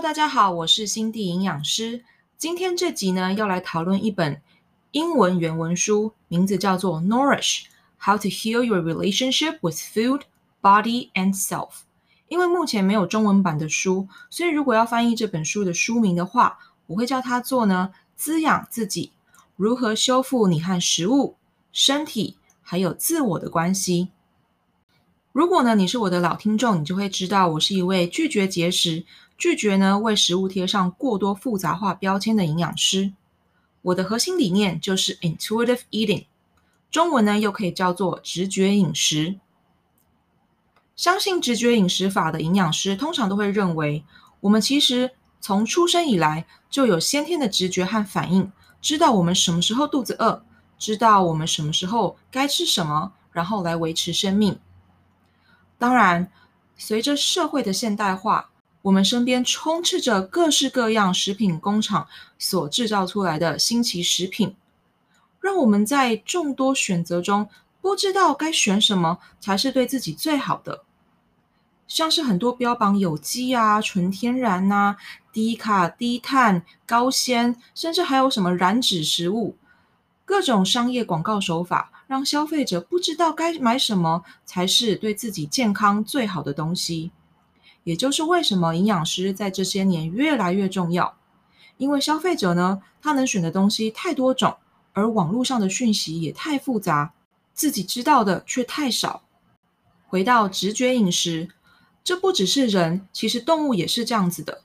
Hello，大家好，我是心地營養師。今天這集呢，要來討論一本英文原文書，名字叫做《Nourish: How to Heal Your Relationship with Food, Body, and Self》。因為目前沒有中文版的書，所以如果要翻譯這本書的書名的話，我會叫它做呢“滋養自己，如何修復你和食物、身體還有自我的關係”。如果呢，你是我的老聽眾，你就會知道我是一位拒絕節食、拒絕呢為食物貼上過多複雜化標籤的營養師。我的核心理念就是 intuitive eating，中文呢又可以叫做直覺飲食。相信直覺飲食法的營養師通常都會認為，我們其實從出生以來就有先天的直覺和反應，知道我們什麼時候肚子餓，知道我們什麼時候該吃什麼，然後來維持生命。當然，隨着社會的現代化，我們身邊充斥着各式各樣食品工廠所製造出來的新奇食品，讓我們在眾多選擇中不知道該選什麼才是對自己最好的。像是很多標榜有機啊、純天然吶、啊、低卡、低碳、高纖，甚至還有什麼燃脂食物。各種商業廣告手法，讓消費者不知道該買什麼才是對自己健康最好的東西，也就是為什麼營養師在這些年越來越重要。因為消費者呢，他能選的東西太多種，而網絡上的訊息也太複雜，自己知道的卻太少。回到直覺飲食，這不只是人，其實動物也是這樣子的。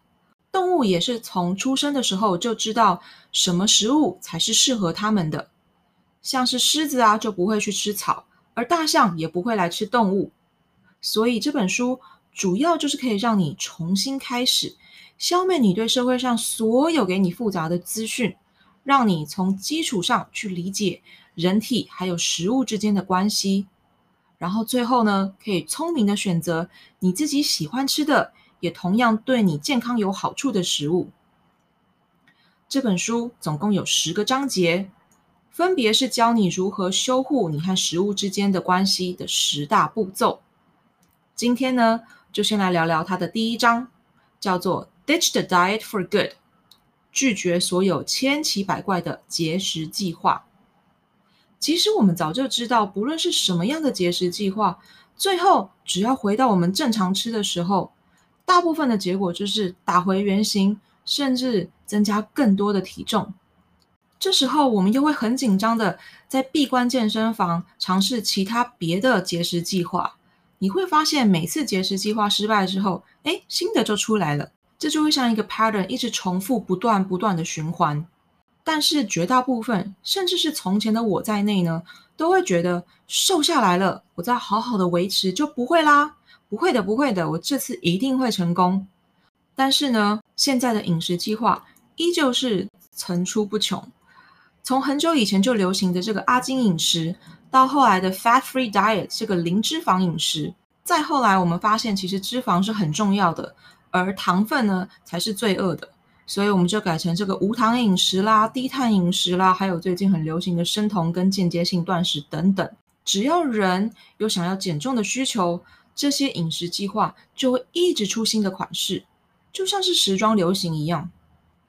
動物也是從出生的時候就知道什麼食物才是適合他們的。像是獅子啊，就不會去吃草；而大象也不會來吃動物。所以這本書主要就是可以讓你重新開始，消滅你對社會上所有給你複雜的資訊，讓你從基礎上去理解人體還有食物之間的關係。然後最後呢，可以聰明的選擇你自己喜歡吃的，也同樣對你健康有好處的食物。這本書總共有十個章節。分別是教你如何修護你和食物之間的關係的十大步驟。今天呢，就先來聊聊它的第一章，叫做《Ditch the Diet for Good》，拒絕所有千奇百怪的節食計劃。其實我們早就知道，不論是什麼樣的節食計劃，最後只要回到我們正常吃的時候，大部分的結果就是打回原形，甚至增加更多的體重。這時候我們又會很緊張的，在閉關健身房嘗試其他別的節食計劃。你會發現，每次節食計劃失敗之後，誒，新的就出來了。這就會像一個 pattern，一直重複，不斷不斷的循環。但是絕大部分，甚至是從前的我在內呢，都會覺得瘦下來了，我再好好的維持就不會啦，不會的，不會的，我這次一定會成功。但是呢，現在的飲食計劃依舊是層出不窮。從很久以前就流行的這個阿金飲食，到後來的 fat-free diet 這個零脂肪飲食，再後來我們發現其實脂肪是很重要的，而糖分呢才是罪惡的，所以我們就改成這個無糖飲食啦、低碳飲食啦，還有最近很流行的生酮跟間歇性斷食等等。只要人有想要減重的需求，這些飲食計劃就會一直出新的款式，就像是時裝流行一樣。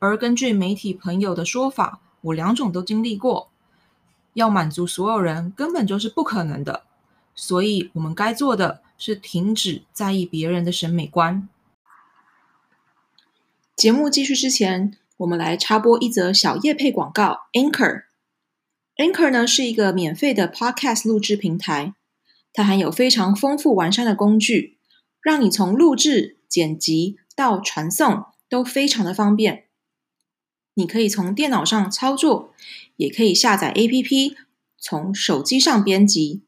而根據媒體朋友的說法，我兩種都經歷過。要滿足所有人，根本就是不可能的。所以，我們該做的是停止在意別人的審美觀。節目繼續之前，我們來插播一則小業配廣告。Anchor，Anchor 呢是一個免費的 Podcast 錄制平台，它含有非常豐富完善的工具，讓你從錄制、剪輯到傳送都非常的方便。你可以從電腦上操作，也可以下載 APP 從手機上編輯。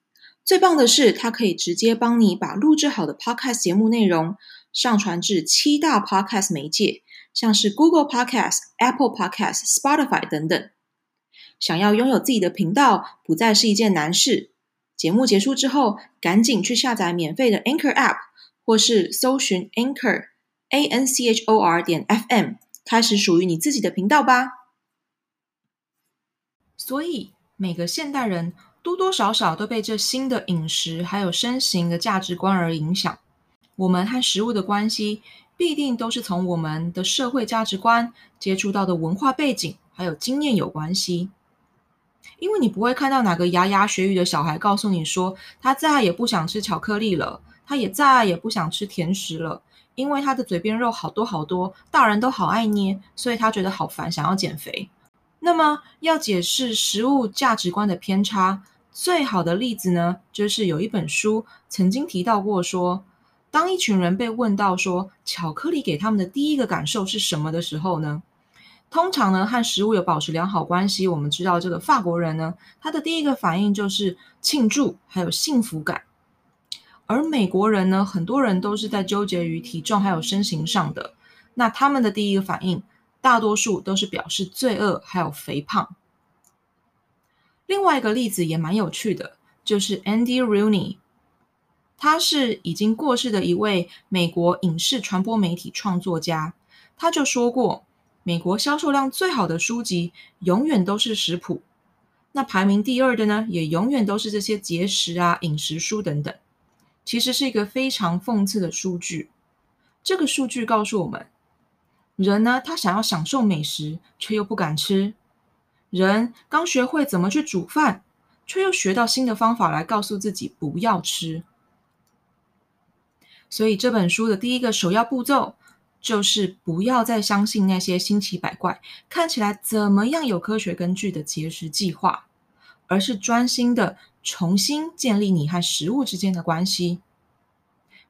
最棒的是，它可以直接幫你把錄制好的 Podcast 節目內容上傳至七大 Podcast 媒介，像是 Google Podcast、Apple Podcast、Spotify 等等。想要擁有自己的頻道，不再是一件難事。節目結束之後，趕緊去下載免費的 Anchor App，或是搜尋 Anchor A N C H O R 點 FM。M 開始屬於你自己的頻道吧。所以，每個現代人多多少少都被這新的飲食還有身形的價值觀而影響。我們和食物的關係，必定都是從我們的社會價值觀、接觸到的文化背景還有經驗有關係。因為你不會看到哪個牙牙學語的小孩告訴你說，他再也不想吃巧克力了，他也再也不想吃甜食了。因為他的嘴邊肉好多好多，大人都好愛捏，所以他覺得好煩，想要減肥。那麼要解釋食物價值觀的偏差，最好的例子呢，就是有一本書曾經提到過說，說當一群人被問到說巧克力給他們的第一個感受是什麼的時候呢，通常呢和食物有保持良好關係，我們知道這個法國人呢，他的第一個反應就是慶祝，還有幸福感。而美國人呢，很多人都是在糾結於體重還有身形上的，那他們的第一個反應，大多數都是表示罪惡還有肥胖。另外一個例子也蠻有趣的，就是 Andy Rooney，他是已經過世的一位美國影視傳播媒體創作家，他就說過，美國銷售量最好的書籍永遠都是食譜，那排名第二的呢，也永遠都是這些節食啊、飲食書等等。其實是一個非常諷刺的數據。這個數據告訴我們，人呢，他想要享受美食，卻又不敢吃；人剛學會怎麼去煮飯，卻又學到新的方法來告訴自己不要吃。所以這本書的第一個首要步驟，就是不要再相信那些千奇百怪、看起來怎麼樣有科學根據的節食計劃。而是專心的重新建立你和食物之間的關係。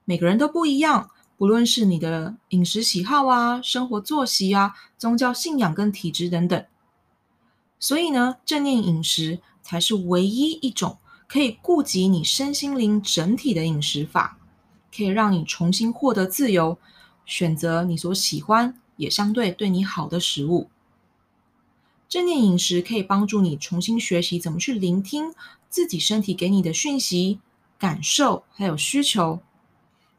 每個人都不一樣，不論是你的飲食喜好啊、生活作息啊、宗教信仰跟體質等等。所以呢，正念飲食才是唯一一種可以顧及你身心靈整體的飲食法，可以讓你重新獲得自由，選擇你所喜歡，也相對對你好的食物。正念飲食可以幫助你重新學習怎麼去聆聽自己身體給你的訊息、感受還有需求。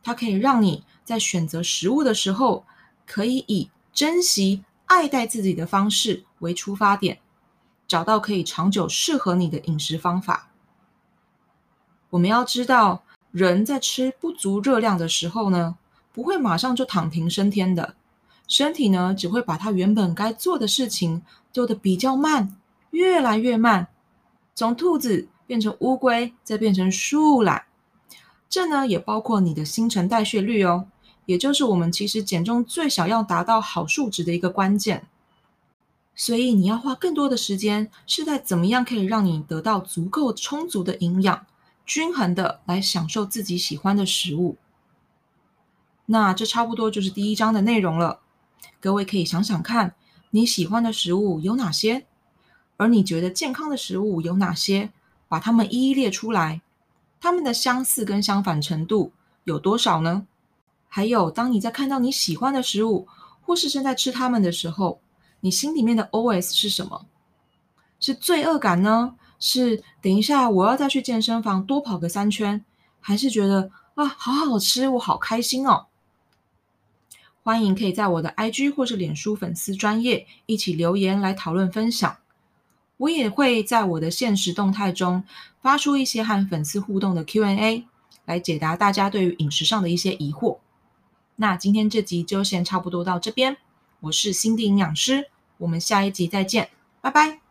它可以讓你在選擇食物的時候，可以以珍惜、愛戴自己的方式為出發點，找到可以長久適合你的飲食方法。我們要知道，人在吃不足熱量的時候呢，不會馬上就躺平升天的。身體呢，只會把它原本該做的事情做得比較慢，越來越慢，從兔子變成烏龜，再變成樹懶。這呢，也包括你的新陳代謝率哦，也就是我們其實減重最想要達到好數值的一個關鍵。所以你要花更多的時間，是在怎麼樣可以讓你得到足夠充足的營養，均衡的來享受自己喜歡的食物。那這差不多就是第一章的內容了。各位可以想想看，你喜歡的食物有哪些？而你覺得健康的食物有哪些？把它們一一列出來，它們的相似跟相反程度有多少呢？還有，當你在看到你喜歡的食物，或是正在吃它們的時候，你心裡面的 OS 是什麼？是罪惡感呢？是等一下我要再去健身房多跑個三圈？還是覺得啊，好好吃，我好開心哦？歡迎可以在我的 IG 或是臉書粉絲專頁一起留言來討論分享，我也會在我的限時動態中發出一些和粉絲互動的 Q&A，來解答大家對於飲食上的一些疑惑。那今天這集就先差不多到這邊，我是心地營養師，我們下一集再見，拜拜。